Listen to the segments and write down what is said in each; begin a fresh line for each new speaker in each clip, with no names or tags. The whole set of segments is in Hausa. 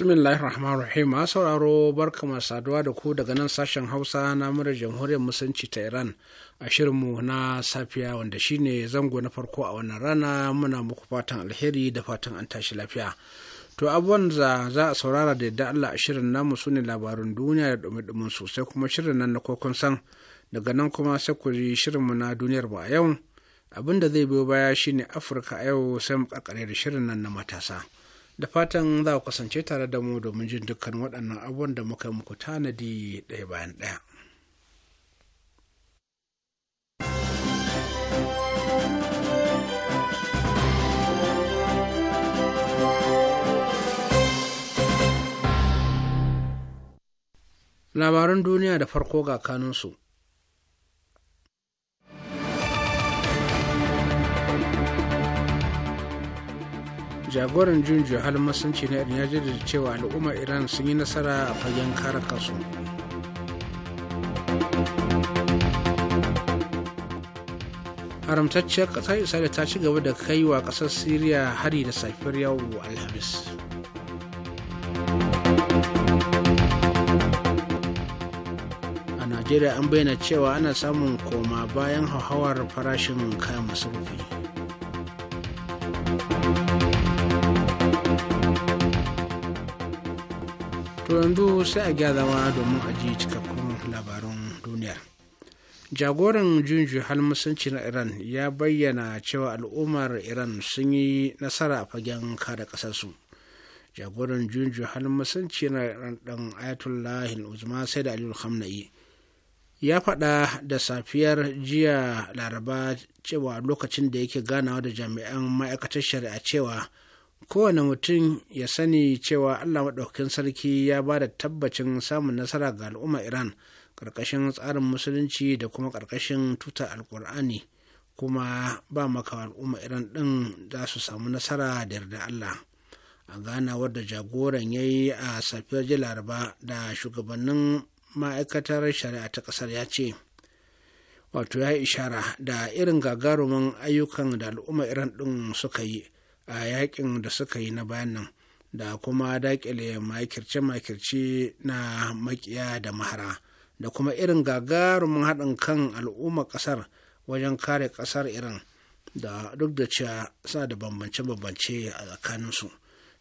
bismillahir rahman rahim a sauraro barkama saduwa da ku daga nan sashen hausa na murar jamhuriyar musulunci ta iran a shirinmu na safiya wanda shine zango na farko a wannan rana muna muku fatan alheri da fatan an tashi lafiya to abubuwan za a saurara da yadda allah a shirin namu su ne labarin duniya da dumi-dumin sosai, kuma shirin nan na kokon san daga nan kuma sai ku ji shirinmu na duniyar ba a yau abin da zai biyo baya shine afirka a yau sai mu da shirin nan na matasa da fatan za ku kasance tare da mu domin jin dukkan waɗannan abubuwan da muka muku tanadi ɗaya bayan ɗaya. Labaran duniya da farko ga kanunsu. jagoran jun halin masunci na irin ya jaddada cewa al'ummar iran sun yi nasara a fagen kare kasu haramtacciyar ƙasar isra'ila ta ci gaba da kai wa ƙasar Siriya hari da safiyar yau alhamis a najeriya an bayyana cewa ana samun koma bayan hauhawar farashin kayan masarufi to yanzu sai a gyara domin a ji cikakkun labaran duniya jagoran junju halmusanci na iran ya bayyana cewa al'ummar iran sun yi nasara a fagen kada ƙasarsu. jagoran junju halmusanci na iran ɗan ayatollah uzma sai da aliyu hamna'i ya faɗa da safiyar jiya laraba cewa lokacin da yake ganawa da jami'an ma'aikatar shari'a cewa kowane mutum ya sani cewa allah maɗaukakin sarki ya ba da tabbacin samun nasara ga al'umma iran ƙarƙashin tsarin musulunci da kuma ƙarƙashin tuta alƙur'ani kuma ba maka al'umma iran ɗin za su samu nasara da yarda allah a ganawar da jagoran ya yi a safiyar ji laraba da shugabannin ma'aikatar shari'a ta ƙasar ya ce wato ya yi ishara da irin gagarumin ayyukan da al'umma iran ɗin suka yi a yakin da suka yi na bayan nan da kuma dakile makirce-makirce na makiya da mahara da kuma irin gagarumin haɗin kan al'umma ƙasar wajen kare ƙasar iran da duk da cewa sa da bambance-bambance a tsakaninsu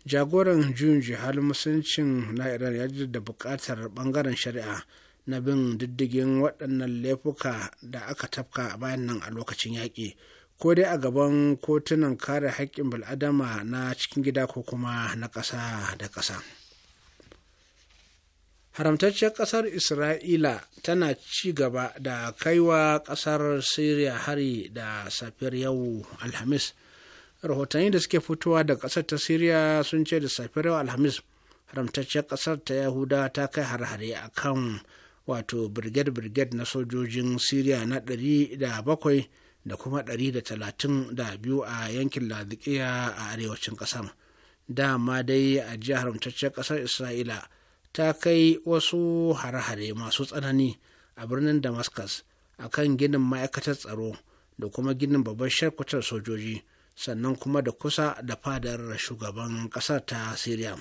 jagoran juyin jihar musuncin na iran ya da buƙatar ɓangaren shari'a na bin diddigin waɗannan laifuka da aka tafka a bayan nan a lokacin yaƙi ko dai a gaban kotunan kare haƙƙin bil'adama na cikin gida ko kuma na ƙasa da ƙasa haramtacciyar ƙasar isra'ila tana ci gaba da kaiwa ƙasar syria hari da safiyar yau alhamis rahotanni da suke fitowa da ƙasar ta syria sun ce da safiyar yau alhamis haramtacciyar ƙasar ta yahuda ta kai har-hare a kan wato brigade-brigade na sojojin syria na ɗari da bakwai. da kuma 132 a yankin ladikiya a arewacin ƙasar dama dai a jihar ƙasar isra'ila ta kai wasu hare-hare masu tsanani a birnin damascus a kan ginin ma'aikatar tsaro da kuma ginin babban sharkutar sojoji sannan kuma da kusa da fadar shugaban ƙasar ta syria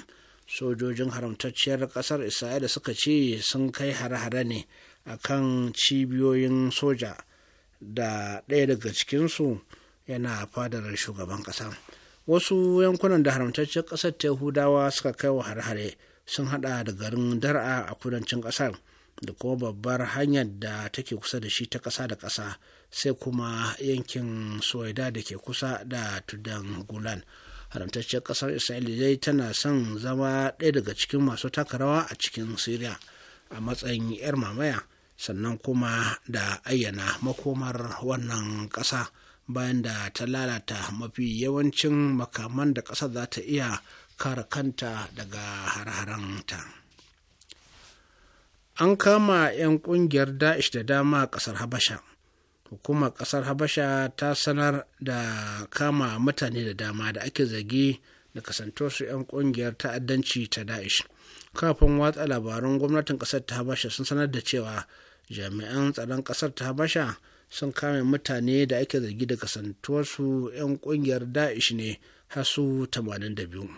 sojojin haramtacciyar ƙasar isra'ila suka ce sun kai hare-hare ne a kan cibiyoyin soja da ɗaya daga cikinsu yana fadar shugaban ƙasa wasu yankunan da haramtaccen ƙasar ta yahudawa suka kai wa har-hare sun haɗa da garin dar'a a kudancin ƙasar da kuma babbar hanyar da take kusa da shi ta ƙasa da ƙasa sai kuma yankin soyada da ke kusa da tudan gulan Haramtaccen ƙasar isra'ila dai tana son zama ɗaya daga cikin masu taka rawa a cikin Siriya, a matsayin 'yar mamaya sannan kuma da ayyana makomar wannan ƙasa bayan da ta lalata mafi yawancin makaman da ƙasa za ta iya kare kanta daga harharanta. ta. An kama 'yan ƙungiyar Da'ish da dama a ƙasar Habasha. Hukumar ƙasar Habasha ta sanar da kama mutane da dama da ake zargi da su 'yan ƙungiyar ta'addanci ta Da'ish. Kafin watsa labarun gwamnatin ƙasar ta Habasha sun sanar da cewa jami'an tsaron ƙasar ta habasha sun kame mutane da ake zargi da kasantuwarsu 'yan ƙungiyar da'ish ne har su 82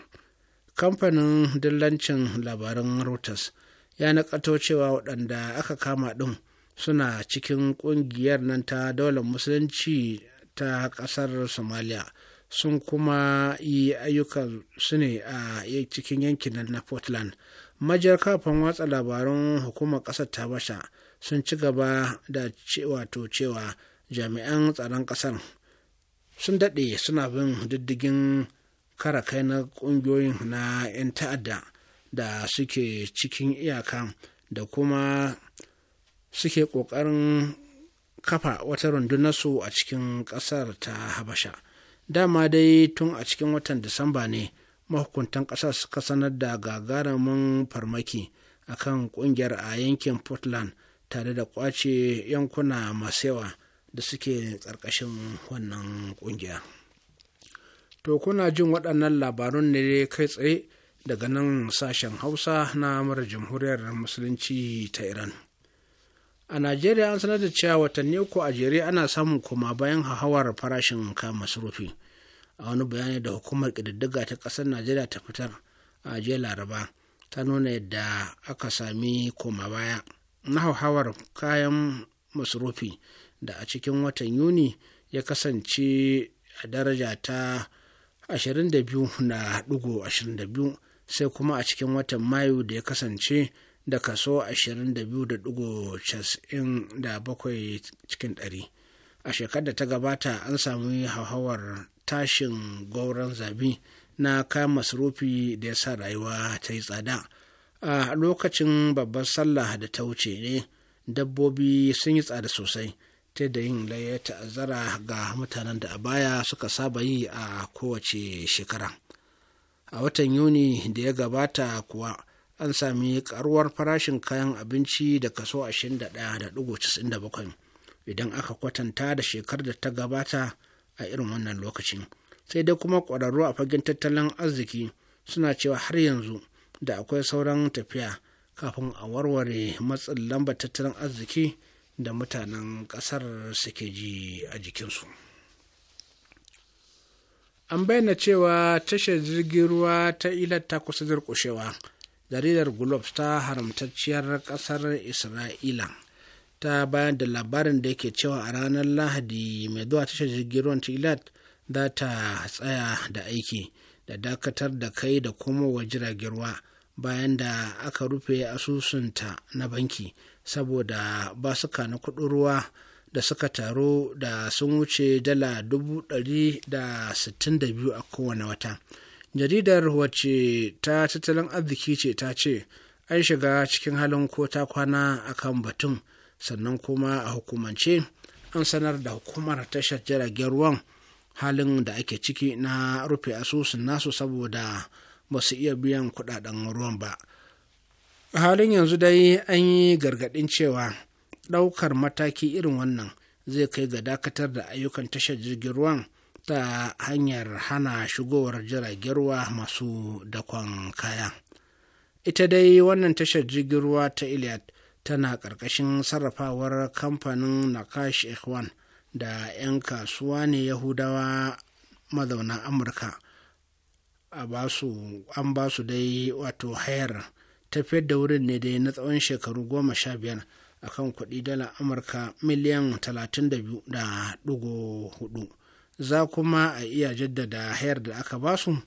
kamfanin dillancin labaran reuters ya nakato cewa waɗanda aka kama ɗin suna cikin ƙungiyar nan ta daular musulunci ta ƙasar somalia sun kuma yi ayyukan su ne a cikin yankin na portland majiyar kafin watsa labarun hukumar ƙasar ta basha sun ci gaba da wato cewa jami'an tsaron ƙasar sun daɗe suna bin diddigin kara kai na ƙungiyoyin na 'yan ta'adda da suke cikin iyaka da kuma suke ƙoƙarin kafa wata rundunarsu a cikin ƙasar ta habasha dama dai tun a cikin watan disamba ne mahukuntan ƙasar suka sanar da gagarumin farmaki akan ƙungiyar a yankin portland tare da kwace yankuna masu yawa da suke tsarkashin wannan kungiya to kuna jin waɗannan labarun ne kai tsaye daga nan sashen hausa na mara jamhuriyar musulunci ta iran a najeriya an sanar da cewa watanni uku a jere ana samun koma bayan hahawar farashin kayan masarufi a wani bayani da hukumar ƙididdiga ta ƙasar najeriya ta fitar a jiya laraba ta nuna yadda aka sami koma baya na hauhawar kayan masrufi da a cikin watan yuni ya kasance a daraja ta 22.22 sai kuma a cikin watan mayu da ya kasance da kaso 22.97 cikin ɗari. a shekarar da ta gabata an samu hauhawar tashin gauran zabi na kayan masrufi da ya sa rayuwa ta yi tsada a lokacin babbar sallah da ta wuce ne dabbobi sun yi tsada sosai ta da yin laye ta'azzara ga mutanen da a baya suka saba yi a kowace shekara a watan yuni da ya gabata kuwa an sami karuwar farashin kayan abinci da kaso 21.97 idan aka kwatanta da shekarar da ta gabata a irin wannan lokacin sai dai kuma ƙwararru a fagen tattalin arziki suna cewa har yanzu da akwai sauran tafiya kafin a warware matsin lambar tattalin arziki da mutanen ƙasar suke ji a jikinsu an bayyana cewa tashar jirgin ruwa ta ilar ta kusa zirkushewa jaridar globes ta haramtacciyar ƙasar isra'ila ta bayan da labarin da yake cewa a ranar lahadi mai zuwa tashar jirgin ruwan ta ilat za ta tsaya da aiki da dakatar da kai da komowa jiragen ruwa bayan da aka rufe asusunta na banki saboda basuka na kuɗin ruwa da suka taru da sun wuce dala dubu da sittin biyu a kowane wata jaridar wacce ta tattalin arziki ce ta ce an shiga cikin halin ko ta kwana kan batun sannan kuma a hukumance an sanar da hukumar tashar jiragen ruwan halin da ake ciki na rufe asusun nasu saboda ba su iya biyan kudaden ruwan ba halin yanzu dai an yi gargaɗin cewa ɗaukar mataki irin wannan zai kai ga dakatar da ayyukan tashar jirgin ruwan ta hanyar hana shigowar jiragen ruwa masu dakon kaya ita dai wannan tashar jirgin ruwa ta iliad tana ƙarƙashin sarrafawar kamfanin nakash ikhwan da 'yan kasuwa ne yahudawa mazauna amurka an ba su dai wato hayar tafiyar da wurin ne dai na tsawon shekaru goma sha biyar a kan kuɗi dala amurka miliyan 32.4 za kuma a iya jaddada hayar da aka basu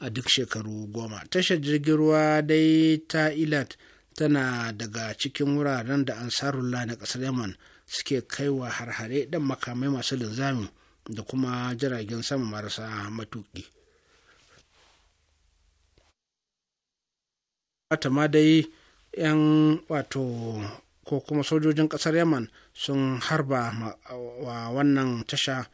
a duk shekaru goma tashar jirgin ruwa dai ta ilat tana daga cikin wuraren da ansarullah na ƙasar yaman suke kaiwa harhare dan makamai masu linzami da kuma jiragen sama marasa matuki. atama dai 'yan wato ko kuma sojojin kasar Yaman sun harba wa wannan tasha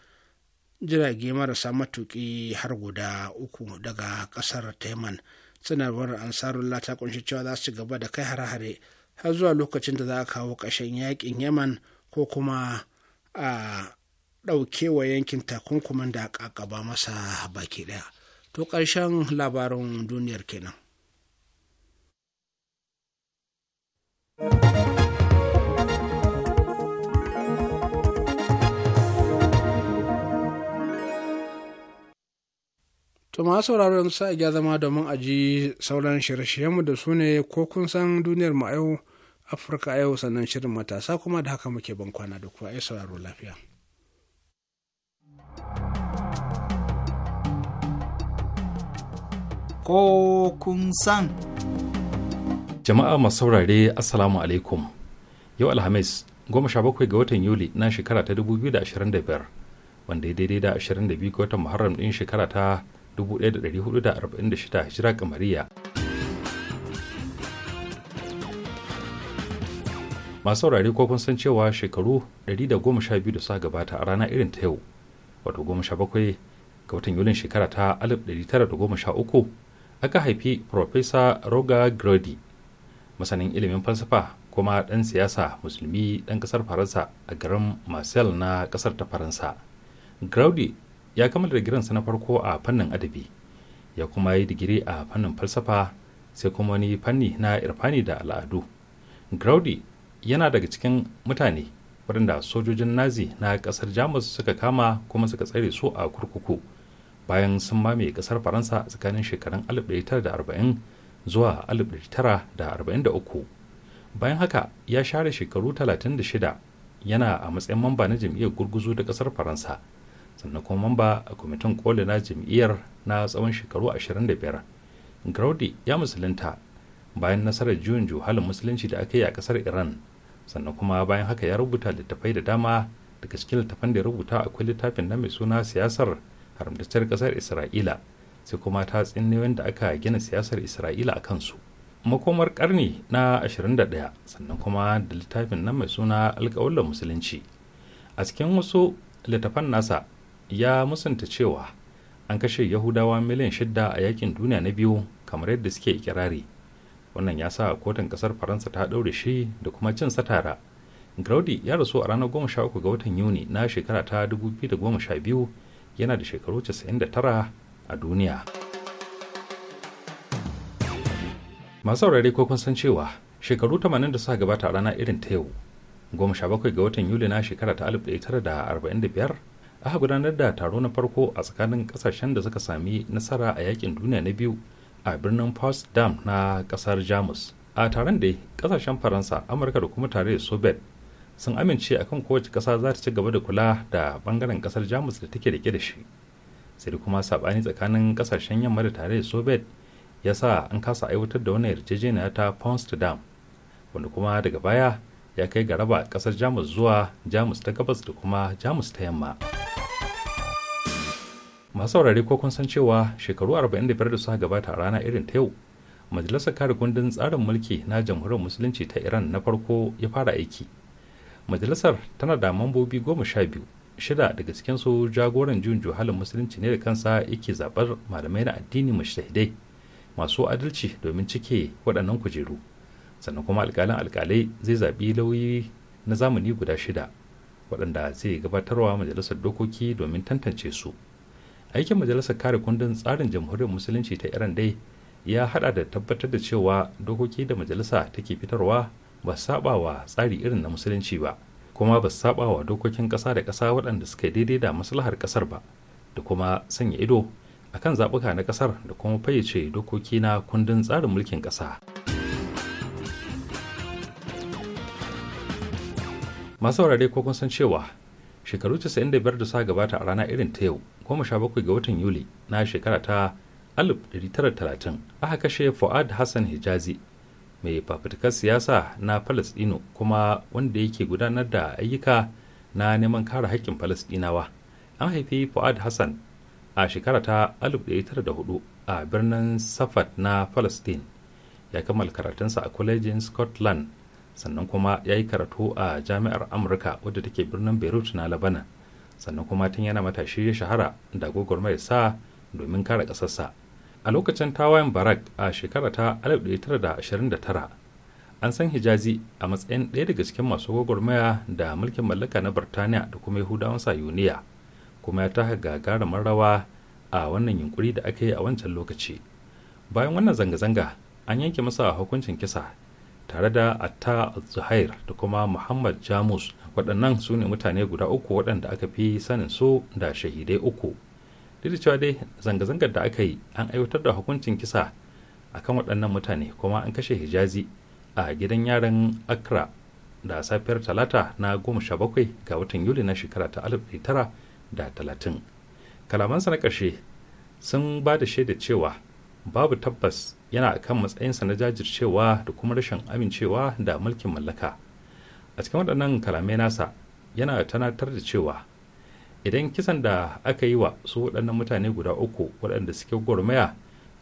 jirage marasa matuki har guda uku daga kasar ta Yaman. Sanarwar Ansarullah ta kunshi cewa za su gaba da kai har-hare har zuwa lokacin da za a kawo ƙashin yakin Yaman ko kuma a ɗauke wa yankin takunkuman da ƙaƙaba masa baki ɗaya to ƙarshen labarin duniyar kenan To ma sauraro yanzu sa ya zama domin aji sauran shirye-shiryenmu da su ne ko kun san duniyar mu afirka yau sannan shirin matasa kuma da haka muke ban kwana da kuwa ai sauraro lafiya
ko kun san
jama'a masu saurare assalamu alaikum yau alhamis goma sha bakwai ga watan yuli na shekara ta 2025 wanda ya daidai da 22 ga watan muharram din shekara ta 1446 hijira kamariya masu saurare ko kun san cewa shekaru 112 da suka gabata a rana irin ta yau wato 17 ga watan yulin shekara ta 1913 aka haifi Profesa Roger Grody masanin ilimin falsafa kuma ɗan siyasa musulmi ɗan ƙasar Faransa a garin Marseille na ƙasar ta Faransa. Grody ya kammala digirinsa na farko a fannin adabi ya kuma yi digiri a fannin falsafa sai kuma wani fanni na irfani da al'adu. Grody yana daga cikin mutane waɗanda sojojin nazi na ƙasar jamus suka kama kuma suka tsare su a kurkuku bayan sun mame ƙasar faransa tsakanin shekarun 1940 zuwa 1943 bayan haka ya share shekaru 36 yana a matsayin mamba na jam'iyyar gurguzu da ƙasar faransa sannan kuma mamba a kwamitin koli na jam'iyyar na tsawon shekaru 25 graudi ya musulunta bayan nasarar juyin juhalin musulunci da aka yi a ƙasar iran sannan kuma bayan haka ya rubuta littafai da dama daga cikin littafan da ya rubuta akwai littafin na mai suna siyasar haramtacciyar kasar isra'ila sai kuma ta tsinniyoyin da aka gina siyasar isra'ila a kansu makomar karni na 21 sannan kuma da littafin na mai suna alkawalan musulunci a cikin wasu littafan nasa ya musanta cewa an kashe yahudawa miliyan shidda a yakin duniya na biyu kamar yadda suke ikirari wannan ya sa kotun kasar faransa ta ɗaure shi da kuma cin satara graudi ya rasu a ranar 13 ga watan yuni na shekara ta 2012 yana da shekaru 99 a duniya masu aurare ko kun san cewa shekaru 80 da suka gabata a rana irin ta yau 17 ga watan yuli na shekara ta 1945 aka gudanar da taro na farko a tsakanin kasashen da suka sami nasara a yakin duniya na biyu a birnin potsdam na kasar jamus a taron da kasashen faransa amurka da kuma tare da soviet sun amince akan kowace kasa za ta ci gaba da kula da bangaren kasar jamus da take rike da shi sai kuma sabani tsakanin kasashen yamma da tare da soviet ya sa an kasa aiwatar da wani yarjejeniya ta potsdam wanda kuma daga baya ya kai ga raba kasar jamus zuwa jamus ta gabas da kuma jamus ta yamma masu saurari ko kun san cewa shekaru 45 da suka gabata a rana irin ta yau majalisar kare kundin tsarin mulki na jamhuriyar musulunci ta iran na farko ya fara aiki majalisar tana da mambobi goma sha biyu shida daga cikin su jagoran jin juhalin musulunci ne da kansa yake zabar malamai na addini mashahidai masu adalci domin cike waɗannan kujeru sannan kuma alƙalin alƙalai zai zaɓi lauyi na zamani guda shida waɗanda zai gabatarwa majalisar dokoki domin tantance su aikin majalisar kare kundin tsarin jamhuriyar musulunci ta iran dai ya hada da tabbatar da cewa dokoki da majalisa take fitarwa ba saba wa tsari irin na musulunci ba kuma ba saba wa dokokin kasa da kasa waɗanda suka daidai da maslahar kasar ba da kuma sanya ido akan zaɓuka na kasar da kuma fayyace dokoki na kundin tsarin mulkin kasa masu saurare ko kun san cewa shekaru 95 da suka gabata a rana irin ta yau goma 17 ga watan yuli na shekara ta 1930 aka kashe fuad hassan hijazi mai fafutukar siyasa na palestino kuma wanda yake gudanar da ayyuka na neman kare haƙƙin palestinawa an haifi fuad hassan a shekara ta 1904 a birnin safat na palestine ya kammala karatunsa a kwalejin scotland sannan kuma ya yi karatu a jami'ar amurka wadda take birnin beirut na labanan sannan kuma tun yana matashi ya shahara da gwagwarmayar sa domin kare kasarsa. a lokacin tawayen barak a shekara ta 1929 an san hijazi a matsayin ɗaya daga cikin masu gwagwarmaya da mulkin mallaka na birtaniya da kuma yahudawan sayuniya kuma ya taka gagarumin rawa a wannan yunkuri da aka yi a wancan lokaci bayan wannan zanga-zanga an yanke masa hukuncin kisa tare da atta zuhair da kuma muhammad jamus waɗannan su ne mutane guda uku waɗanda aka fi sanin su da shahidai uku duk cewa dai zanga-zangar da aka yi an aiwatar da hukuncin kisa a kan waɗannan mutane kuma an kashe hijazi a gidan yaran accra da safiyar talata na goma sha bakwai ga watan yuli na shekara ta alif tara da talatin kalamansa na ƙarshe sun ba da shaida cewa babu tabbas yana kan matsayinsa na jajircewa da kuma rashin amincewa da mulkin mallaka a cikin waɗannan kalamai nasa yana tanatar da cewa idan kisan da aka yi wa su waɗannan mutane guda uku waɗanda suke gwarmaya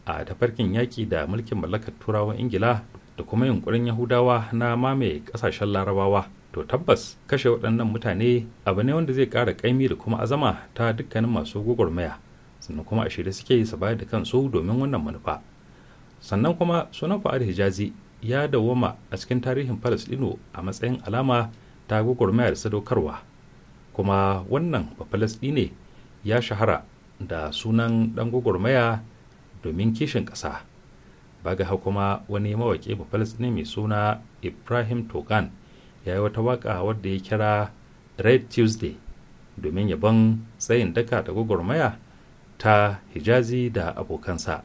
a tafarkin yaƙi da mulkin mallakar turawan ingila da kuma yunkurin yahudawa na mamaye ƙasashen larabawa to tabbas kashe waɗannan mutane abu ne wanda zai ƙara ƙaimi da kuma azama ta dukkanin masu gwagwarmaya sannan kuma a shirye suke su bayar da kansu domin wannan manufa sannan kuma sunan fa'ad hijazi ya dawwama a cikin tarihin palestino a matsayin alama ta gwagwarmayar sadaukarwa kuma wannan ne ya shahara da sunan ɗan gwagwarmaya domin kishin ƙasa ba baga kuma wani mawaƙi bafalastini mai suna ibrahim togan ya yi wata waƙa wadda ya kira red tuesday domin yabon tsayin daka da gwagwarmaya ta hijazi da abokansa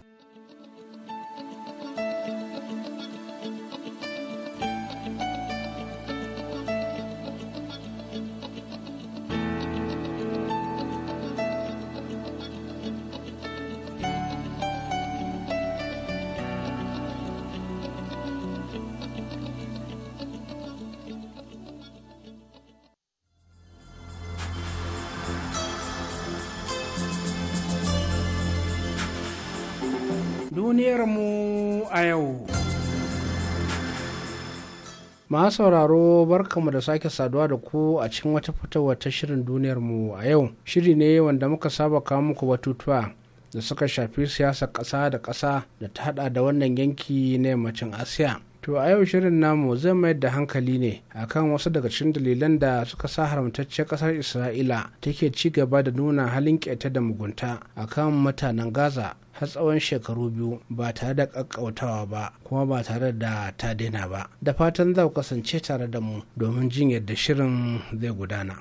ma sauraro barkamu da sake saduwa da ku a cikin wata fitowar ta shirin duniyar mu a yau shiri ne wanda muka saba kawo muku batutuwa da suka shafi siyasar ƙasa da ƙasa da ta hada da wannan yanki na yammacin asiya To a yau shirin namu zai mayar da hankali ne akan wasu daga cikin dalilan da suka sa haramtacce ƙasar Isra'ila take ci gaba da nuna halin ƙeta da mugunta akan mutanen Gaza har tsawon shekaru biyu ba tare da ƙaƙƙautawa ba kuma ba tare da ta daina ba. Da fatan za ku kasance tare da mu domin jin yadda shirin zai gudana.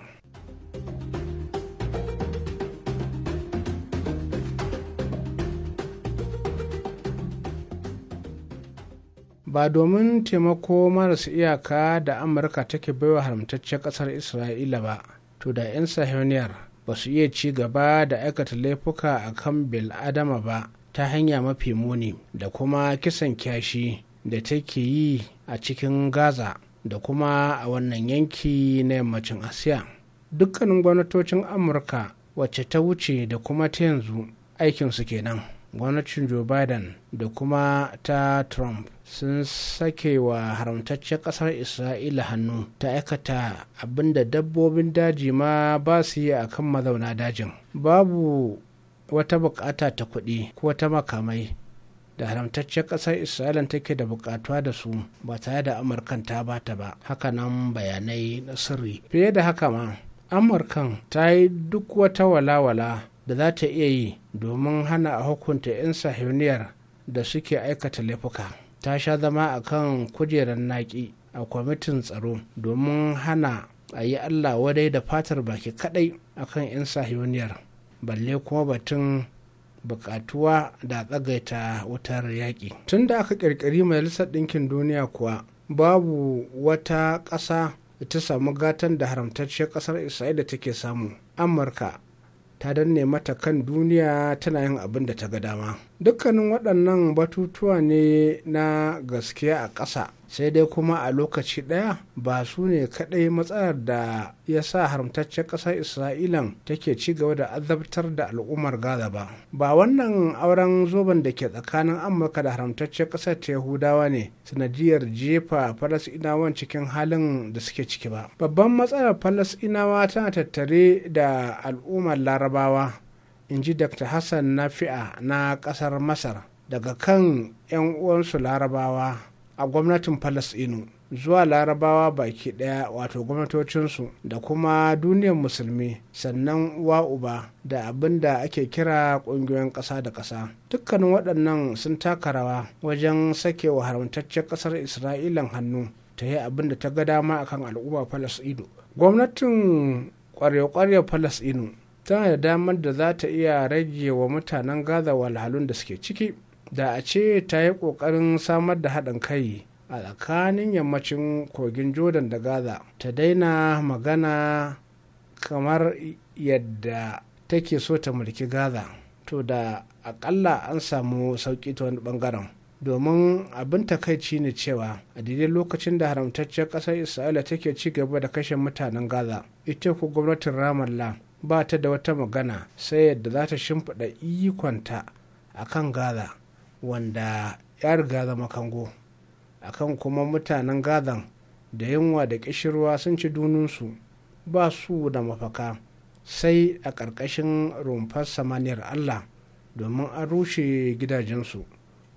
ba domin taimako marasa iyaka da amurka take baiwa haramtaccen kasar isra'ila ba to da 'yan sahiyoniyar ba su iya ci gaba da aikata laifuka a kan adama ba ta hanya mafi muni da kuma kisan kyashi da take yi a cikin gaza da kuma a wannan yanki na yammacin asiya dukkanin gwamnatocin amurka wacce ta wuce da kuma ta yanzu aikinsu kenan. gwamnatin joe biden da kuma ta trump sun sake wa haramtaccen kasar isra'ila hannu ta aikata abinda dabbobin daji ma ba su yi a kan mazauna dajin babu wata bukata ta kuɗi ko ta makamai da haramtaccen kasar isra'ila take da bukatuwa da su ba tare da amurkan ta bata ba nan, bayanai na sirri fiye da haka ma amurkan ta yi duk wata walawala da za ta iya yi domin hana a hukunta 'yan sahiniyar da suke aikata laifuka ta sha zama a kan kujerar naƙi a kwamitin tsaro domin hana a yi allah wadai da fatar baki kadai a kan 'yan sahiniyar balle kuma batun bukatuwa da tsagaita wutar yaƙi tun da aka ƙirƙiri majalisar ɗinkin duniya kuwa babu wata ƙasa ta samu gatan da haramtacciyar ƙasar isra'ila take samu amurka ta danne mata kan duniya tana yin abin da ta ga dama dukkanin waɗannan batutuwa ne na gaskiya a ƙasa sai dai kuma a lokaci ɗaya ba su ne kaɗai matsalar da ya sa haramtaccen ƙasar isra'ilan take ci gaba da azabtar da al'ummar gaza ba ba wannan auren zoben da ke tsakanin amurka da haramtaccen ƙasar ta yahudawa ne sanadiyar jefa falasɗinawan cikin halin da suke ciki ba babban matsalar falasɗinawa tana tattare da al'ummar larabawa in ji dr hassan nafi'a na kasar masar daga kan 'yan uwansu larabawa a gwamnatin falasɗinu zuwa larabawa baki daya wato gwamnatocinsu da kuma duniyar musulmi sannan uwa uba da abin da ake kira kungiyoyin ƙasa da ƙasa dukkanin waɗannan sun taka rawa wajen sake wa haramtaccen ƙasar isra'ilan hannu ta yi abin da ta ga dama akan al'umma falasɗinu gwamnatin ƙwarya-ƙwarya falasɗinu tana da damar da za ta iya rage wa mutanen gaza walhalun da suke ciki da a ce ta yi ƙoƙarin samar da haɗin kai a tsakanin yammacin kogin jordan da gaza ta daina magana kamar yadda take so ta mulki gaza to da aƙalla an samu sauƙi ta wani ɓangaren domin abin takaici ne cewa a daidai lokacin da haramtaccen ƙasar isra'ila take ci gaba da kashe mutanen gaza ita ku gwamnatin ramallah ba ta da wata magana sai yadda za ta shimfiɗa ikonta a kan gaza wanda ya riga zama kango a kan kuma mutanen gazan da yunwa da ƙishirwa sun ci dununsu ba su da mafaka sai a ƙarƙashin rumfar samaniyar allah domin an rushe gidajensu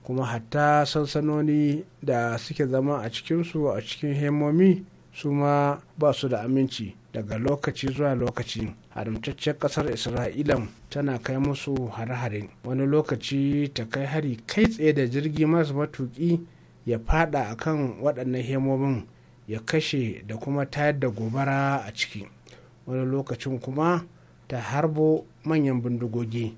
kuma hatta sansanoni da suke zama a cikinsu a cikin hemomi su ma ba su da aminci daga lokaci zuwa lokaci haramtacciyar kasar isra'ila tana kai musu hare-hare wani lokaci ta kai hari kai tsaye da jirgi masu matuki ya fada akan waɗannan hemomin ya kashe da kuma tayar da gobara a ciki wani lokacin kuma ta harbo manyan bindigogi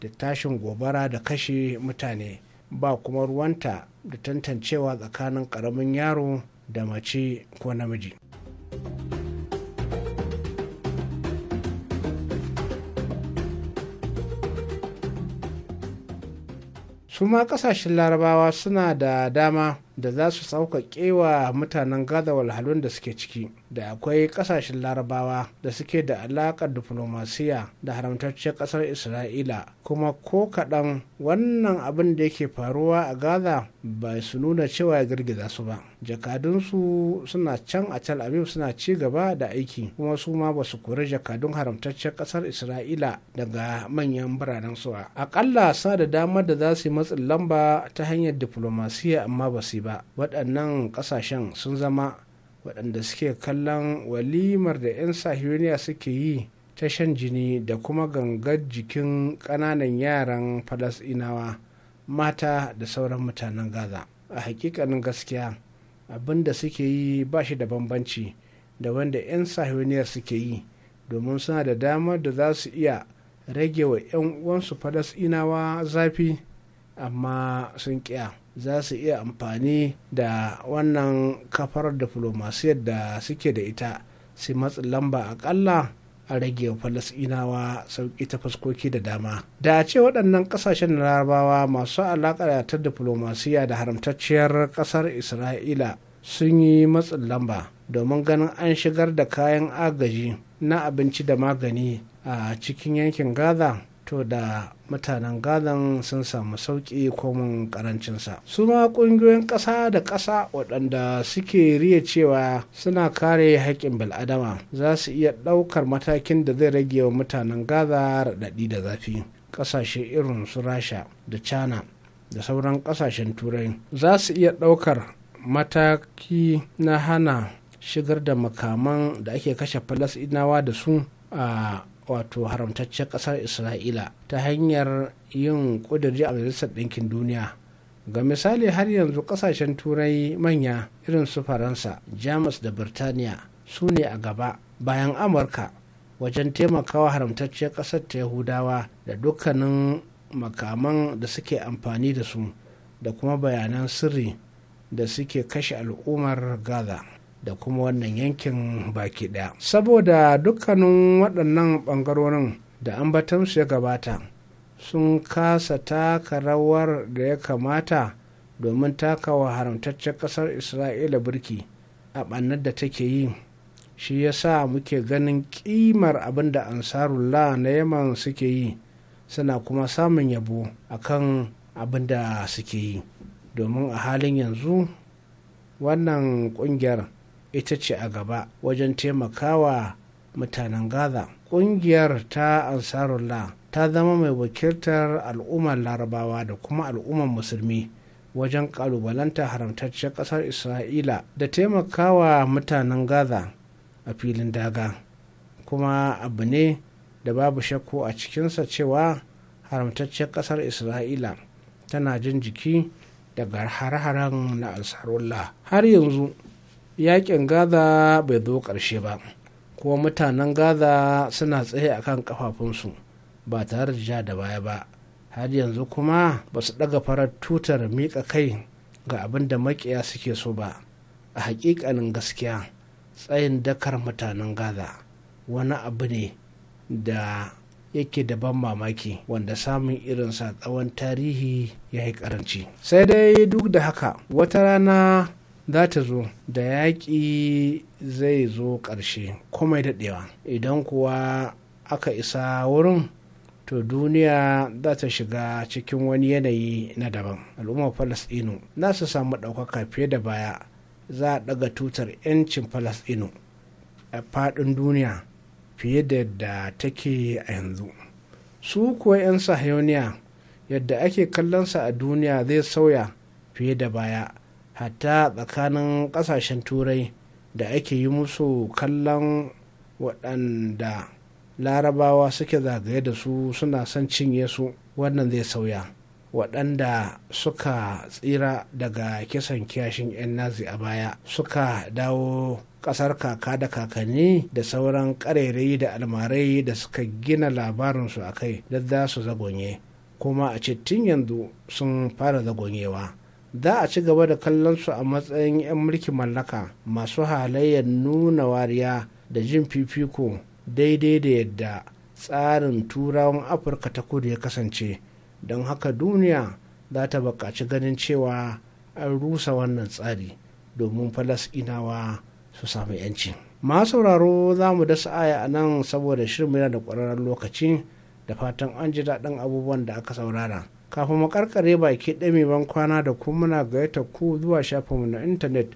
da tashin gobara da kashe mutane ba kuma ruwanta da tantancewa tsakanin ƙaramin yaro da mace ko namiji. su ma kasashen larabawa suna da dama da za su sauƙaƙe wa mutanen gaza walhalun da suke ciki da akwai ƙasashen larabawa da suke da alaƙar diflomasiya da haramtacciyar ƙasar isra'ila kuma ko kaɗan wannan abin da yake faruwa a gaza ba su nuna cewa ya girgiza su ba jakadunsu suna can a tel aviv suna ci gaba da aiki kuma su ma ba su kori jakadun haramtacciyar ƙasar isra'ila daga manyan biranen su aƙalla sa da damar da za su yi matsin lamba ta hanyar diflomasiya amma ba su yi ba ba waɗannan ƙasashen sun zama waɗanda suke kallon walimar da 'yan sahiyoniya suke yi ta shan jini da kuma gangar jikin ƙananan yaran falasinawa mata da sauran mutanen gaza a hakikanin gaskiya abin da suke yi ba shi da bambanci da wanda 'yan sahiyoniyar suke yi domin suna da damar da za su iya rage wa 'yan uwansu falasinawa zafi amma sun ƙiya za su iya amfani da wannan kafar diflomasiyar da suke da ita sai matsin lamba akalla a rage wa falasinawa sauƙi ta fuskoki da dama da ce waɗannan ƙasashen larabawa masu alaƙa ta diflomasiyya da haramtacciyar ƙasar isra'ila sun yi matsin lamba domin ganin an shigar da kayan agaji na abinci da magani a cikin yankin gaza to da mutanen gazan sun samu sauƙi komin karancinsa su ma ƙungiyoyin ƙasa da ƙasa waɗanda suke riya cewa suna kare haƙƙin bil'adama za su iya ɗaukar matakin da zai rage wa mutanen gaza raɗaɗi da zafi ƙasashe irin su rasha da china da sauran ƙasashen turai za su iya ɗaukar mataki na hana shigar da makaman da ake kashe falasɗinawa da su a wato haramtaccen ƙasar isra'ila ta hanyar yin ƙudurji a majalisar ɗinkin duniya ga misali har yanzu ƙasashen turai manya irin su faransa jamus da birtaniya su ne a gaba bayan amurka wajen taimakawa haramtacciyar ƙasar ta yahudawa da dukkanin makaman da suke amfani da su da kuma bayanan sirri da suke kashe al'ummar gaza da kuma wannan yankin baki daya saboda dukkanin waɗannan ɓangarorin da ambatansu ya gabata sun kasa taka rawar da ya kamata domin taka wa haramtaccen ƙasar isra'ila birki a ɓannar da take yi shi ya sa muke ganin ƙimar abin da ansarullah na yaman suke yi suna kuma samun yabo a kan abin da suke yi domin a halin yanzu wannan ƙungiyar ita ce a gaba wajen taimakawa mutanen gaza ƙungiyar ta ansarullah ta zama mai wakiltar al'ummar larabawa da kuma al'ummar musulmi wajen ƙalubalanta haramtacciyar ƙasar isra'ila da taimakawa mutanen gaza a filin daga kuma abu ne da babu shakku a cikinsa cewa haramtacciyar ƙasar isra'ila tana jin jiki daga har-haren na ansarullah har yanzu yakin gaza bai zo ƙarshe ba kuma mutanen gaza suna tsaye a kan ƙafafunsu ba tare da ja da baya ba har yanzu kuma ba su ɗaga farar tutar miƙa kai ga abin da maƙiya suke so ba a haƙiƙanin gaskiya tsayin dakar mutanen gaza wani abu ne da yake da ban mamaki wanda samun irinsa tsawon tarihi ya yi karanci sai dai duk da haka wata rana za ta zo da yaƙi zai zo ƙarshe komai daɗewa idan kuwa aka isa wurin to duniya za ta shiga cikin wani yanayi na daban al'ummar falasɗinu na su samu ɗaukaka fiye da baya za a ɗaga tutar 'yancin falasɗinu a faɗin duniya fiye da yadda take a yanzu su kuwa 'yan sahayoniya yadda ake kallonsa a duniya zai sauya fiye da baya hatta tsakanin ƙasashen turai da ake yi musu kallon waɗanda larabawa suke zagaye da su suna son cinye su wannan zai sauya waɗanda suka tsira daga kisan kiyashin 'yan nazi a baya suka dawo ƙasar kaka da kakanni da sauran ƙarerai da almarai da suka gina labarinsu a kai da za su zagonye kuma a cittin yanzu sun fara zagonyewa za a ci gaba da kallon su a matsayin 'yan mulkin mallaka masu halayyar nuna wariya da jin fifiko daidai da yadda tsarin turawan afirka ta kudu ya kasance don haka duniya za ta buƙaci ganin cewa an rusa wannan tsari domin falasɗinawa su samu 'yanci masu sauraro za mu da sa'aya a nan saboda shirin yana da ƙwararren lokaci da fatan an ji daɗin abubuwan da aka saurara. kafin mu karkare baki mai ban kwana da kuma muna gayyata ku zuwa shafin mu na intanet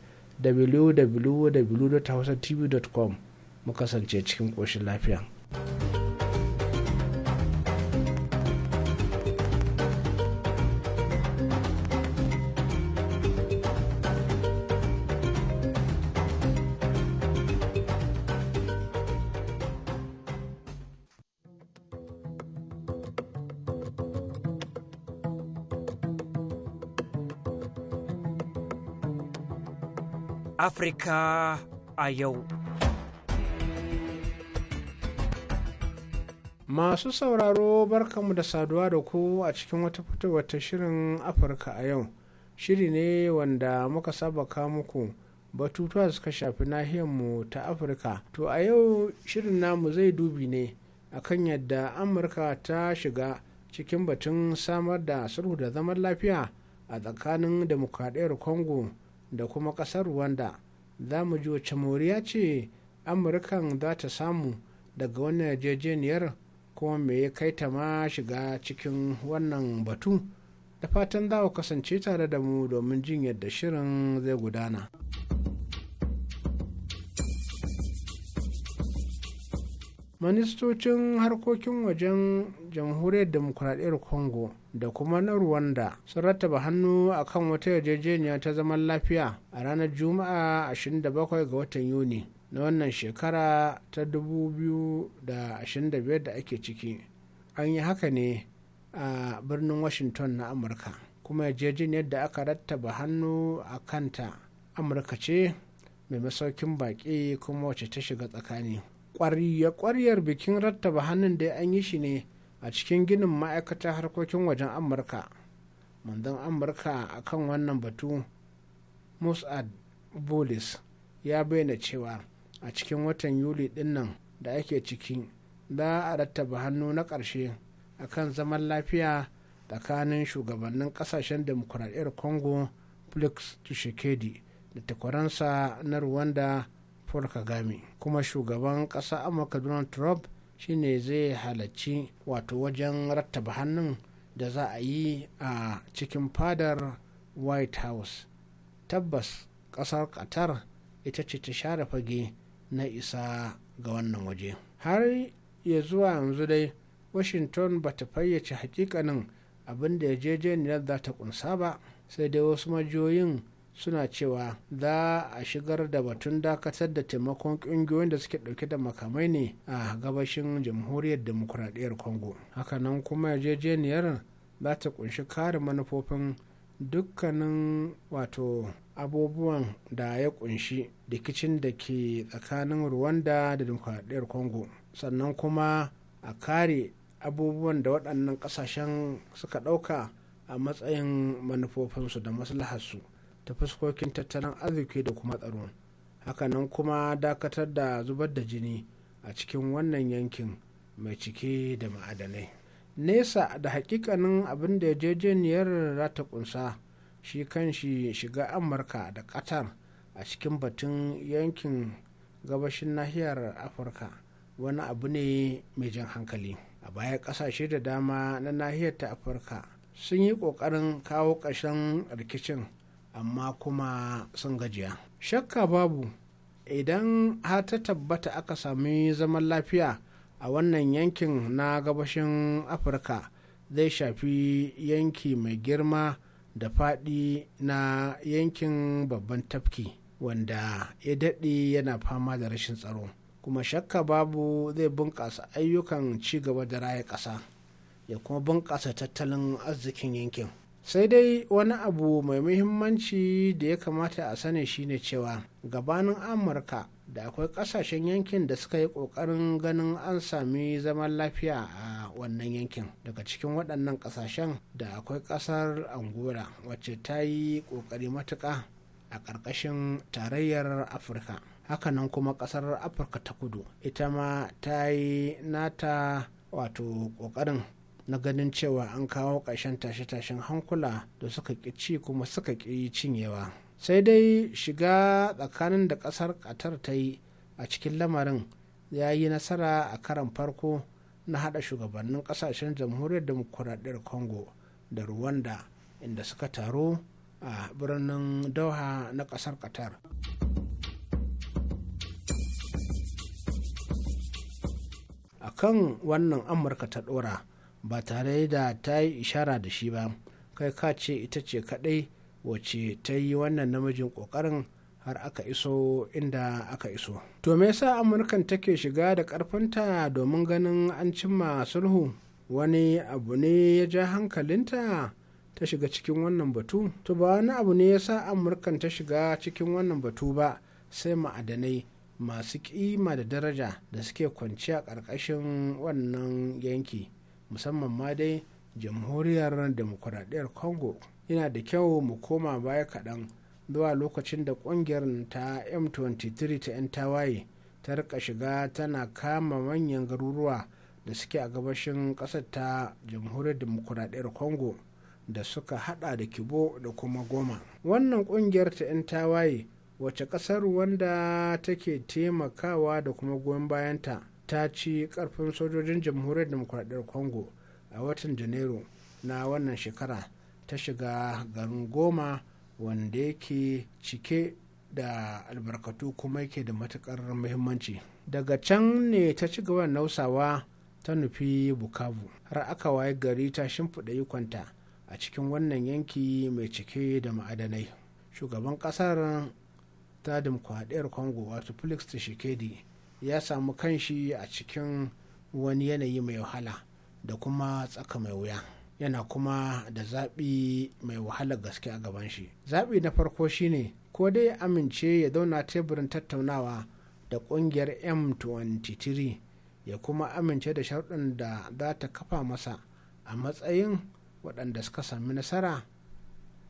www.hausatv.com mu kasance cikin ƙoshin lafiya.
Afrika a yau.
Masu sauraro barkanmu da saduwa da ku a cikin wata fitowa ta shirin Afirka a yau. Shiri ne wanda muka saba muku batutuwa suka shafi nahiyarmu ta Afirka. To a yau shirin namu zai dubi ne a kan yadda Amurka ta shiga cikin batun samar da sulhu da zaman lafiya a tsakanin demokradiyyar Congo da kuma ƙasar Rwanda. za mu ji wace moriya ce amurkan za ta samu daga wannan yarjejeniyar kuma me ya kai ta ma shiga cikin wannan batu da fatan za ku kasance tare da mu domin jin yadda shirin zai gudana. ministocin harkokin wajen jamhuriyar demokuraɗiyar congo da kuma na rwanda sun rattaba hannu a kan wata yarjejeniya ta zaman lafiya a ranar juma'a 27 ga watan yuni na wannan shekara ta 2025 da ake ciki an yi haka ne a birnin washington na amurka kuma yarjejeniyar da aka rattaba hannu a kanta amurka ce mai masaukin baƙi kuma wace ta shiga tsakani ƙwariya bikin rattaba hannun da an yi shi ne a cikin ginin ma'aikatar harkokin wajen amurka manzon amurka a kan wannan batu musad bolis ya bayyana cewa a cikin watan yuli dinnan da ake ciki za a rattaba hannu na ƙarshe a kan zaman lafiya tsakanin shugabannin ƙasashen demokuraɗiyar congo to tshisekedi da takwaransa na rwanda paul kagame kuma shugaban ƙasa amurka donald trump shine zai halarci wato wajen rattaba hannun da za a yi a cikin fadar white house tabbas kasar qatar ita ce ta share fage na isa ga wannan waje har ya zuwa yanzu dai washington ba ta fayyace hakikanin abinda da yarjejeniyar za ta kunsa ba sai dai wasu majiyoyin suna cewa za a shigar da batun dakatar da taimakon ƙungiyoyin da suke ɗauke da makamai ne a gabashin jamhuriyar demokuraɗiyyar congo hakanan kuma yarjejeniyar za ta kunshi kare manufofin dukkanin wato abubuwan da ya kunshi rikicin da ke tsakanin rwanda da demokuraɗiyyar congo sannan kuma a kare abubuwan da waɗannan ƙasashen suka ɗauka a matsayin manufofinsu da maslaharsu ta fuskokin tattalin arziki da kuma tsaro hakanan kuma dakatar da zubar da jini a cikin wannan yankin mai cike da ma'adanai nesa da hakikanin abin da yarjejeniyar rata kunsa shi kan shi shiga amurka da qatar a cikin batun yankin gabashin nahiyar afirka wani abu ne mai jan hankali a baya kasashe da dama na nahiyar ta afirka sun yi kokarin kawo ƙarshen rikicin amma kuma sun gajiya shakka babu idan har ta tabbata aka sami zaman lafiya a wannan yankin na gabashin afirka zai shafi yanki mai girma da faɗi na yankin babban tafki wanda ya daɗe yana fama da rashin tsaro kuma shakka babu zai bunƙasa ayyukan ci gaba da raya ƙasa ya kuma bunƙasa tattalin arzikin yankin. sai dai wani abu mai muhimmanci da ya kamata a sani shine cewa gabanin amurka da akwai kasashen yankin da suka yi kokarin ganin an sami zaman lafiya a wannan yankin daga cikin waɗannan kasashen da akwai ƙasar angola wacce ta yi ƙoƙari matuƙa a ƙarƙashin tarayyar afirka hakanan kuma ƙasar afirka ta kudu ita ma ta yi nata wato ƙoƙarin na ganin cewa an kawo ƙarshen tashe-tashen hankula da suka ƙi ci kuma suka ƙi cinyewa sai dai shiga tsakanin da ƙasar ƙatar ta yi a cikin lamarin ya yi nasara a karan farko na haɗa shugabannin ƙasashen jamhuriyar demokuraɗiyar congo da rwanda inda suka taro a birnin doha na ƙasar qatar a kan wannan amurka ta ɗora ba tare da ta yi ishara da shi ba kai ka ce ita ce kadai wace ta yi wannan namijin kokarin har aka iso inda aka iso to me yasa amurkan take shiga da karfinta domin ganin an cimma sulhu wani abu ne ya ja hankalinta ta shiga cikin wannan batu to ba wani abu ne yasa amurkan ta shiga cikin wannan batu ba sai ma'adanai masu kima da daraja da suke kwanci a ƙarƙashin wannan yanki musamman ma dai jamhuriyar demokuraɗiyar congo yana da kyau mu koma baya kaɗan zuwa lokacin da ƙungiyar ta m23 ta 'yan tawaye ta rika shiga tana kama manyan garuruwa da suke a gabashin ƙasar ta jamhuriyar demokuraɗiyar congo da suka hada da kibo da kuma goma wannan ƙungiyar ta 'yan tawaye wace ƙasar wanda take taimakawa da kuma goyon bayanta ta ci karfin sojojin jamhuriyar demokuraɗiyar congo a watan janairu na wannan shekara ta shiga garin goma wanda yake cike da albarkatu kuma yake da matukar muhimmanci daga can ne ta ci gaba nausawa ta nufi bukavu har aka waye gari ta shimfiɗa ikonta a cikin wannan yanki mai cike da ma'adanai shugaban ƙasar ta dimkwaɗiyar congo wato felix tshisekedi ya samu kanshi a cikin wani yanayi mai wahala da kuma tsaka mai wuya yana kuma da zaɓi mai wahala gaske a gaban shi zaɓi na farko shine ko dai amince ya zauna teburin tattaunawa da ƙungiyar m23 ya kuma amince da sharɗin da za ta kafa masa a matsayin waɗanda suka sami nasara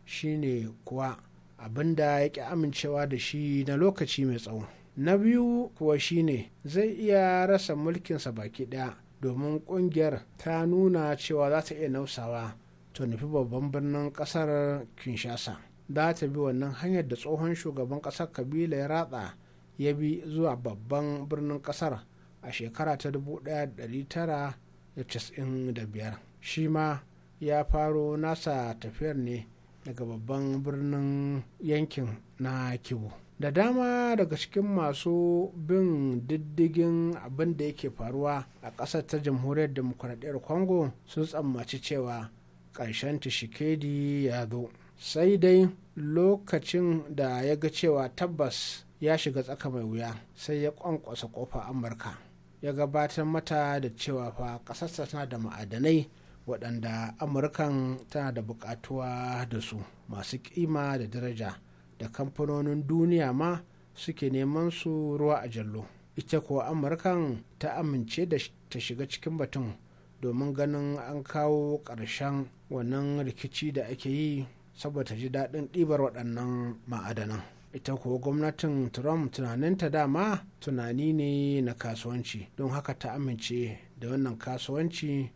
shine kuwa abinda ya ƙi amincewa da shi na lokaci mai tsawo na biyu kuwa shine zai iya rasa mulkinsa baki ɗaya domin ƙungiyar ta nuna cewa za ta iya nausawa ta nufi babban birnin ƙasar kinshasa za ta bi wannan hanyar da tsohon shugaban ƙasar kabila ya ratsa ya bi zuwa babban birnin ƙasar a shekara ta 1995 shi ma ya faro nasa tafiyar ne daga babban birnin yankin na kibu da dama daga cikin masu bin diddigin abin da yake faruwa a ƙasar ta jamhuriyar demokuraɗiyar congo sun tsammaci cewa ƙarshen tishikedi ya zo sai dai lokacin da ya ga cewa tabbas ya shiga tsaka mai wuya sai ya ƙwanƙwasa ƙofa amurka ya gabatar mata da cewa fa ƙasarsa tana da ma'adanai waɗanda amurkan tana da buƙatuwa da su masu ƙima da daraja da kamfanonin duniya ma suke neman su ruwa a jallo ita kuwa amurkan ta amince da ta shiga cikin batun domin ganin an kawo ƙarshen wannan rikici da ake yi saboda ji daɗin ɗibar waɗannan ma'adanan ita kuwa gwamnatin trump tunaninta dama tunani ne na kasuwanci don haka ta amince da wannan kasuwanci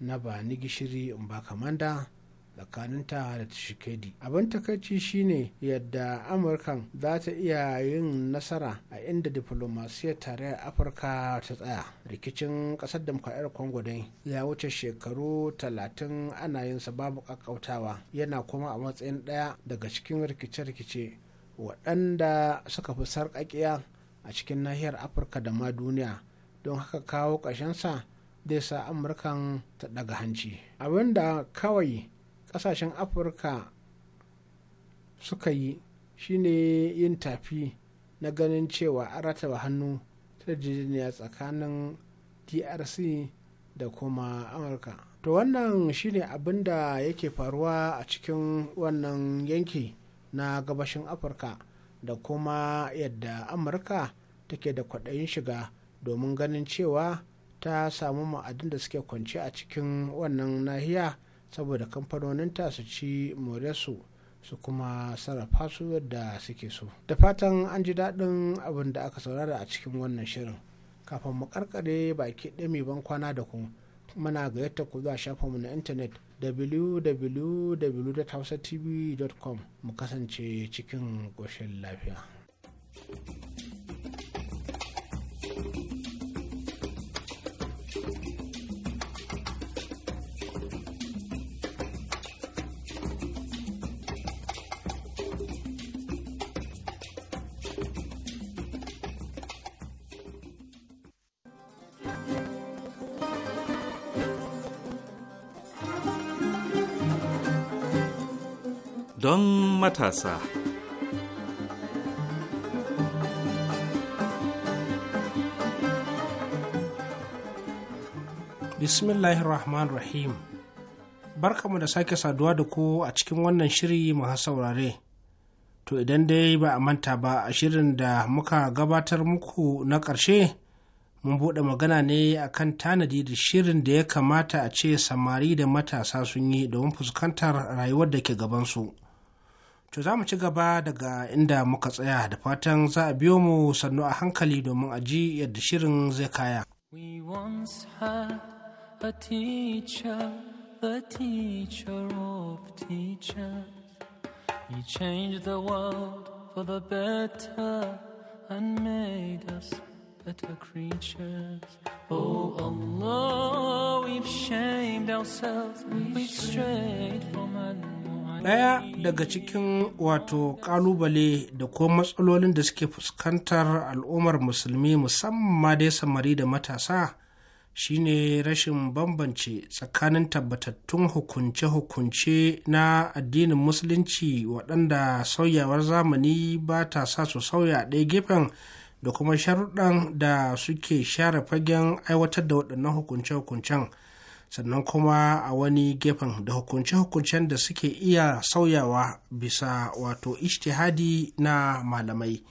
na ba ni gishiri in ba kamanda ta da tashikedi abin takaici shine yadda amurkan za ta iya yin nasara a inda diflomasiyyar tarayyar afirka ta tsaya rikicin kasar demokradiyyar congo dai ya wuce shekaru talatin ana yin sa babu kakkautawa yana kuma a matsayin daya daga cikin rikice-rikice waɗanda suka fi sarƙaƙiya a cikin nahiyar afirka da ma duniya don haka kawo ƙashinsa zai sa amurkan ta daga hanci abinda kawai kasashen afirka suka yi shine yin tafi na ganin cewa an rataba hannu ta jijiniya tsakanin drc da kuma amurka to wannan shine abin da yake faruwa a cikin wannan yanki na gabashin afirka da kuma yadda amurka take da kwaɗayin shiga domin ganin cewa ta samu ma'adin da suke kwance a cikin wannan nahiya saboda kamfanoninta su ci moresu su kuma sarrafa su yadda suke so da fatan an ji daɗin abin da aka saurara a cikin wannan shirin kafin mu karkare baki ɗami ban kwana da ku muna gayyata ku zuwa mu na intanet www.hausatv.com mu kasance cikin ƙoshin lafiya. thank you matasa. Bismillahir Rahmanir Rahim. Barkamu da sake saduwa da ku a cikin wannan shiri masu saurare. To idan dai ba a manta ba a shirin da muka gabatar muku na ƙarshe, mun buɗe magana ne a kan tanadi da shirin da ya kamata a ce samari da matasa sun yi domin fuskantar rayuwar da ke gabansu. To za mu ci gaba daga inda muka tsaya da fatan za a biyo mu sannu a hankali domin a ji yadda shirin zai kaya.
We
once had a teacher, the teacher of teachers. He changed the world for the better and made us better creatures. Oh Allah, we've shamed ourselves, we've strayed from Allah.
ɗaya daga cikin wato ƙalubale da ko matsalolin da suke fuskantar al'ummar musulmi musamman dai samari da matasa shine rashin bambance tsakanin tabbatattun hukunce-hukunce na addinin musulunci waɗanda sauyawar zamani ba ta sa su sauya ɗaya gefen da kuma sharuɗan da suke share fagen aiwatar da waɗannan hukunce-hukuncen sannan kuma a wani gefen da hukunce-hukuncen da suke iya sauyawa bisa wato ishtihadi na malamai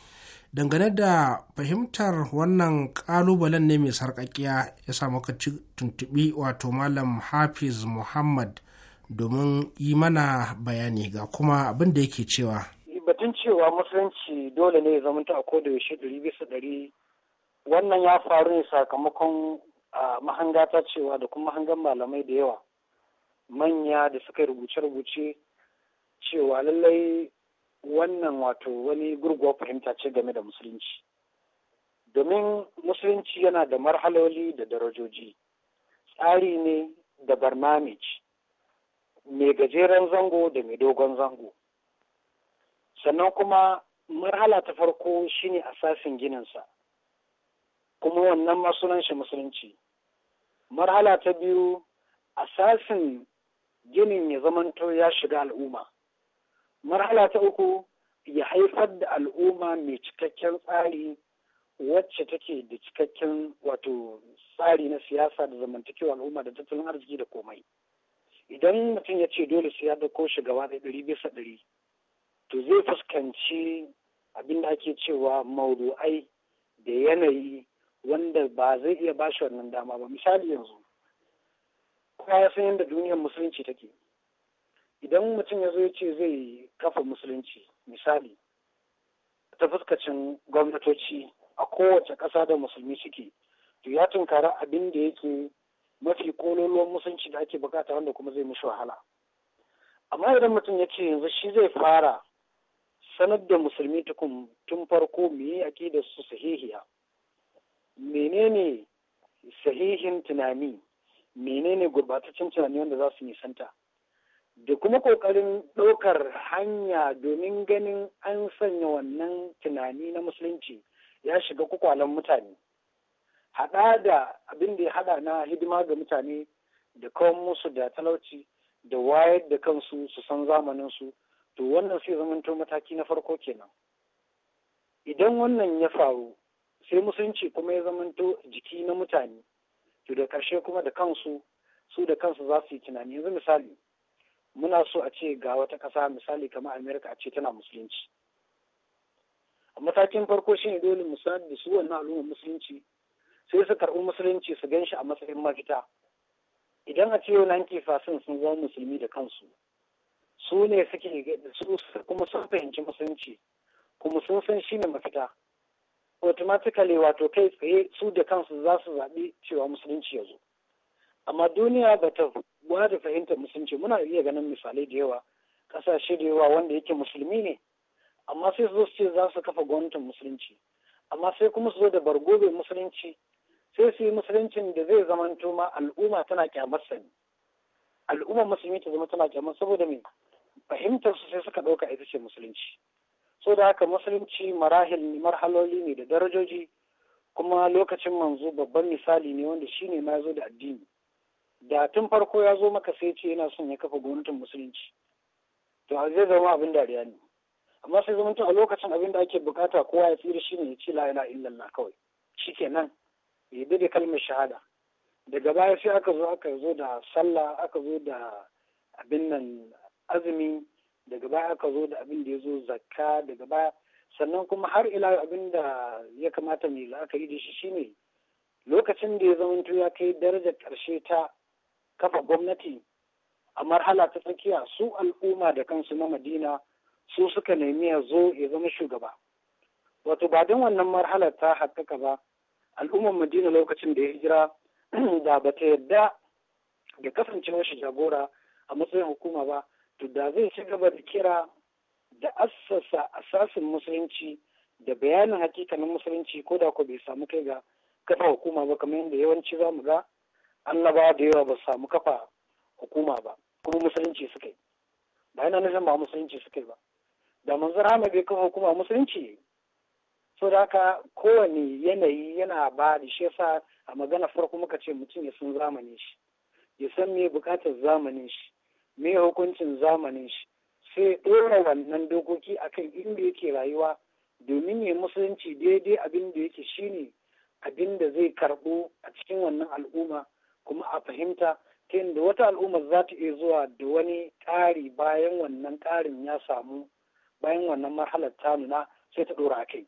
dangane da fahimtar wannan kalubalen ne mai sarkakiya ya sa muka tuntubi wato malam hafiz muhammad domin yi mana bayani ga kuma abin da yake cewa
batun cewa musulunci dole ne ya zamanta a da yaushe wannan ya faru ne sakamakon a mahanga ta cewa da kuma hangar malamai da yawa manya da suka rubuce-rubuce cewa lallai wannan wato wani gurguwa fahimta ce game da musulunci domin musulunci yana da marhaloli da darajoji tsari ne da barnamij mai gajeren zango da mai dogon zango sannan kuma marhala ta farko shine asasin sa. kuma wannan masunan shi musulunci marhala ta biyu a sasin ginin ya zamanto ya shiga al'umma marhala ta uku ya haifar da al'umma mai cikakken tsari wacce take da cikakken wato tsari na siyasa da zamantakewa al'umma da tattalin arziki da komai idan mutum ya ce dole sai ya ko shugaba da ɗari bisa ɗari to zai fuskanci abin da ake cewa maudu'ai da yanayi wanda ba zai iya ba shi wannan dama ba misali yanzu kowa ya san yadda duniyar musulunci take idan mutum ya zo ya ce zai kafa musulunci misali ta fuskacin gwamnatoci a kowace ƙasa da musulmi suke to ya tunkara abin da yake mafi kololuwan musulunci da ake bukata wanda kuma zai mishi wahala amma idan mutum ya ce yanzu shi zai fara sanar da musulmi tukun tun farko mu yi da su sahihiya menene sahihin tunani menene gurbataccen tunani wanda za su nisanta da kuma ƙoƙarin ɗaukar hanya domin ganin an sanya wannan tunani na musulunci ya shiga kwakwalen mutane haɗa da abin da ya haɗa na hidima ga mutane da kawan musu da talauci da wayar da kansu su san zamaninsu to wannan sai zamanto mataki na farko kenan idan wannan ya faru sai musulunci kuma ya zamanto jiki na mutane to da karshe kuma da kansu su da kansu za su yi tunani yanzu misali muna so a ce ga wata ƙasa misali kamar amerika a ce tana musulunci a matakin farko shine dole misali da su wannan al'umma musulunci sai su karɓi musulunci su gan shi a matsayin mafita idan a ce yau fasin sun zama musulmi da kansu su ne suke su kuma sun fahimci musulunci kuma sun san shine mafita automatically wato kai tsaye su da kansu za su zaɓi cewa musulunci ya zo amma duniya ba ta da fahimtar musulunci muna iya ganin misalai da yawa ƙasashe da yawa wanda yake musulmi ne amma sai su zo su ce za su kafa gwamnatin musulunci amma sai kuma su zo da bargobe musulunci sai su yi musuluncin da zai zamanto ma al'umma tana kyamarsa ne al'umma musulmi ta zama tana kyamar saboda me fahimtar su sai suka ɗauka ita ce musulunci so da haka musulunci marahil ne marhaloli ne da darajoji kuma lokacin manzo babban misali ne wanda shine ma zo da addini da tun farko ya zo maka sai ce yana son ya kafa gwamnatin musulunci
to a zai zama abin dariya
ne amma sai zama a lokacin abin da ake bukata kowa ya tsira shine ya ce la ilaha illallah kawai shi shikenan ya dade kalmar shahada daga baya sai aka zo aka zo da sallah aka zo da abin nan azumi daga baya aka zo da abin da ya zo zakka daga baya sannan kuma har ila abin da ya kamata mai la'akari da shi shine lokacin da ya zamanto ya kai darajar ƙarshe ta kafa gwamnati a marhala ta tsakiya su al'umma da kansu na madina su suka nemi ya zo ya zama shugaba wato ba don wannan marhala ta haƙƙaƙa ba al'ummar madina lokacin da ya jira da ba ta yarda da kasancewar shi jagora a matsayin hukuma ba to da zai ci gaba da kira da assasa asasin musulunci da bayanin hakikanin musulunci ko da ko bai samu kai ga kafa hukuma ba kamar yadda yawanci za mu ga annaba da yawa ba samu kafa hukuma ba kuma musulunci suka yi ba yana nufin ba musulunci suka yi ba da manzon hama bai kafa hukuma musulunci so da haka kowane yanayi yana ba da shi yasa a magana farko muka ce mutum ya san zamanin shi ya san me bukatar zamanin shi me hukuncin zamanin shi sai ɗora wannan dokoki akan inda yake rayuwa domin ya musulunci daidai abin da yake shine abin da zai karɓo a cikin wannan al'umma kuma a fahimta ta yadda wata al'umma za ta iya zuwa da wani ƙari bayan wannan ƙarin ya samu bayan wannan marhalar ta nuna sai ta ɗora a kai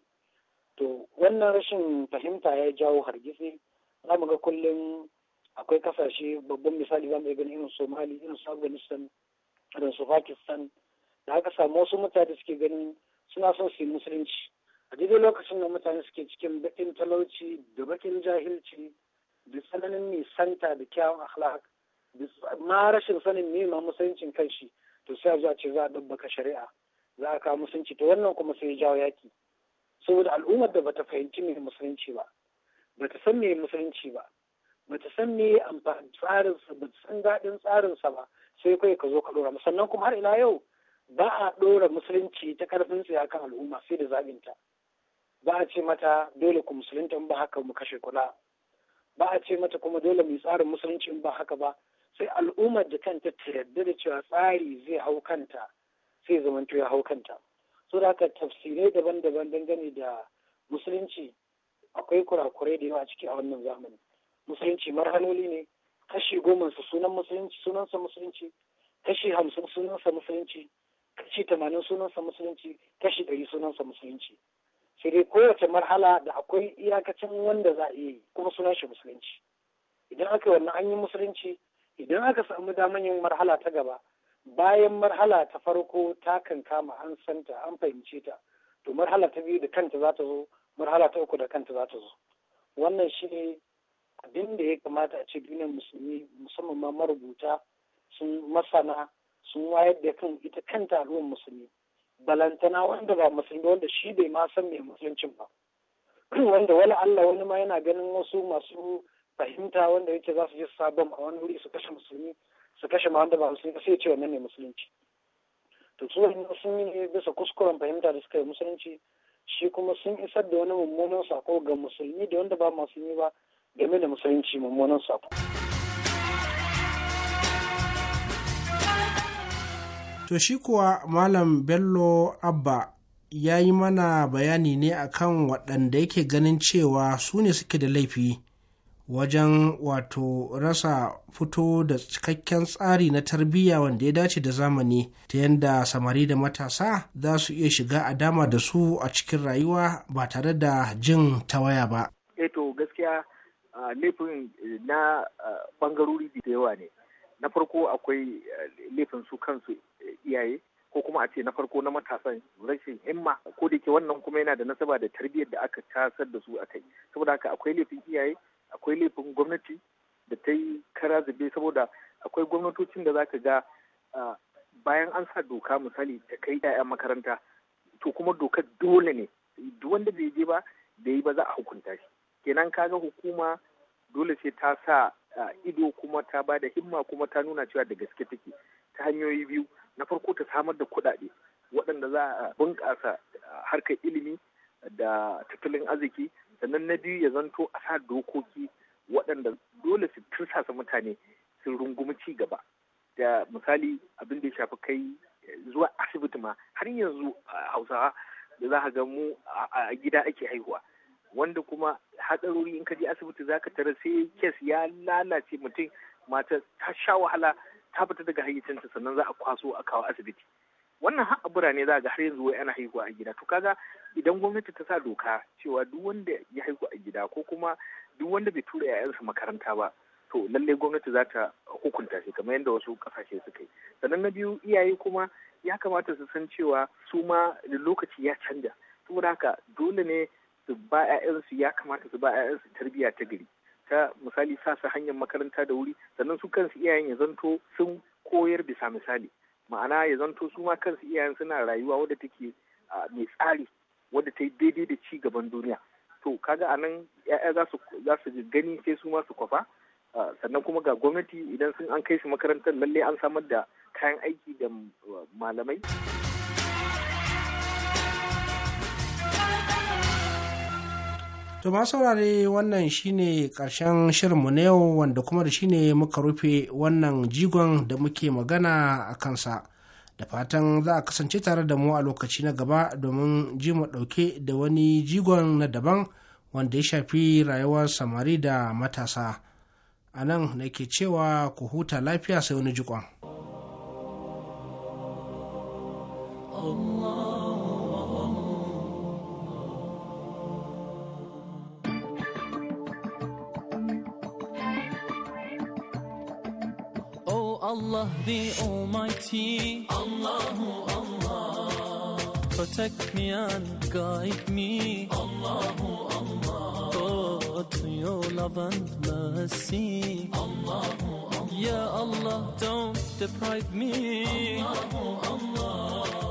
to wannan rashin fahimta ya jawo hargitsi za mu ga kullum akwai kasashe babban misali za mu iya ganin irin somali irin su afghanistan irin su pakistan da aka samu wasu mutane suke ganin suna son su yi musulunci
a daidai lokacin
da mutane suke cikin bakin talauci da baƙin jahilci da tsananin nisanta da kyawun akhlaq da ma rashin sanin nema musuluncin kan shi to sai a zuwa ce za a ɗabbaka shari'a za a kawo musulunci to wannan kuma sai ya jawo yaki saboda al'ummar da bata fahimci mai musulunci ba bata san mai musulunci ba bata san me amfani tsarinsa ta san daɗin tsarinsa ba sai kai ka zo ka ɗora sannan kuma har ila yau ba a ɗora musulunci ta karfin tsaye kan al'umma sai da zaɓinta ba a ce mata dole ku musulunta ba haka mu kashe kula ba a ce mata kuma dole mu tsarin musulunci ba haka ba sai al'ummar da kanta ta yarda da cewa tsari zai hau kanta sai zamanto ya hau kanta so da haka tafsirai daban-daban dangane da musulunci akwai kurakurai da yawa ciki a wannan zamani musulunci marhaloli ne kashi goma su sunan musulunci sunansa musulunci kashi hamsin sunansa musulunci kashi tamanin sunansa musulunci kashi ɗari sunansa musulunci sai dai kowace marhala da akwai iyakacin wanda za a yi kuma sunan shi musulunci idan aka yi wannan an yi musulunci idan aka samu daman yin marhala ta gaba bayan marhala ta farko ta kan kama an santa an fahimce ta to marhala ta biyu da kanta za ta zo marhala ta uku da kanta za ta zo wannan shi ne abin da ya kamata a ce duniyar musulmi musamman ma marubuta sun masana sun wayar da kan ita kanta taruwan musulmi balantana wanda ba musulmi wanda shi bai ma san mai musuluncin ba
wanda wani
Allah wani ma yana ganin wasu masu fahimta wanda yake za su je sabon a wani wuri su kashe musulmi su kashe ma wanda ba musulmi sai ce wannan ne musulunci to su wani musulmi ne bisa kuskuren fahimta da suka yi musulunci shi kuma sun isar da wani mummunan sako ga musulmi da wanda ba musulmi ba game da musulunci mummunan sako.
To shi kuwa Malam Bello Abba ya yi mana bayani ne akan waɗanda yake ganin cewa su ne suke da laifi wajen wato rasa fito da cikakken tsari na tarbiyya wanda ya dace da zamani ta yadda samari da matasa za su iya shiga a dama da su a cikin rayuwa ba tare da jin tawaya ba.
Eto eh gaskiya laifin eh, na bangarori da yawa ne na farko akwai eh, laifin su kansu eh, iyaye ko kuma a ce na farko na matasan rashin himma ko da ke wannan kuma yana da nasaba da tarbiyyar da aka tasar da su a kai saboda haka akwai laifin iyaye akwai laifin gwamnati da ta yi kara zube saboda akwai gwamnatocin da zaka ga bayan an sa doka misali ta kai 'ya'yan makaranta to kuma doka dole ne duk wanda bai je ba da yi ba za a hukunta shi kenan kaga hukuma dole sai ta sa ah, ido kuma ta ba da himma kuma ta nuna cewa da gaske take ta hanyoyi biyu na farko ta samar da kuɗaɗe waɗanda za a bunƙasa ah, harkar ilimi da tattalin arziki sannan na biyu ya zanto a sa dokoki waɗanda dole su tursasa mutane su rungumi ci gaba da misali abin da ya shafi kai zuwa asibiti ma har yanzu hausawa da za ga mu a gida ake haihuwa wanda kuma hatsarori in ka je asibiti zaka tara sai kes ya lalace mutum mata ta sha wahala ta fita daga hayyacinta sannan za a kwaso a kawo asibiti wannan har a birane za ga har yanzu wai ana haihuwa a gida to kaga idan gwamnati ta sa doka cewa duk wanda ya haihu a gida ko kuma duk wanda bai tura yayansa makaranta ba to lallai gwamnati za ta hukunta shi kamar yadda wasu kasashe suka yi sannan na biyu iyaye kuma ya kamata su san cewa su ma lokaci ya canja saboda haka dole ne su ba 'ya'yansu ya kamata su ba 'ya'yansu tarbiyya ta gari ta misali sa su hanyar makaranta da wuri sannan su kansu iyayen ya zanto sun koyar bisa misali ma'ana ya zanto su ma kansu iyayen suna rayuwa wadda take mai tsari wadda ta yi daidai da ci gaban duniya to kaga a nan ya'ya za su gani sai su ma su kwafa sannan kuma ga gwamnati idan sun an kai su makarantar lallai an samar da kayan aiki da malamai.
To ma saurare wannan shine karshen shirinmu na yau wanda kuma da shine muka rufe wannan jigon da muke magana a kansa. Da fatan za a kasance tare da mu a lokaci na gaba domin ji mu ɗauke da wani jigon na daban wanda ya shafi rayuwar samari da matasa. A nan nake cewa ku huta lafiya sai wani jikon.
Allah.
Allah the Almighty. Allahu Allah. Protect me and guide me. Allahu Allah. Oh, to your love and mercy. Allahu Allah. Ya Allah, don't deprive me. Allahu Allah.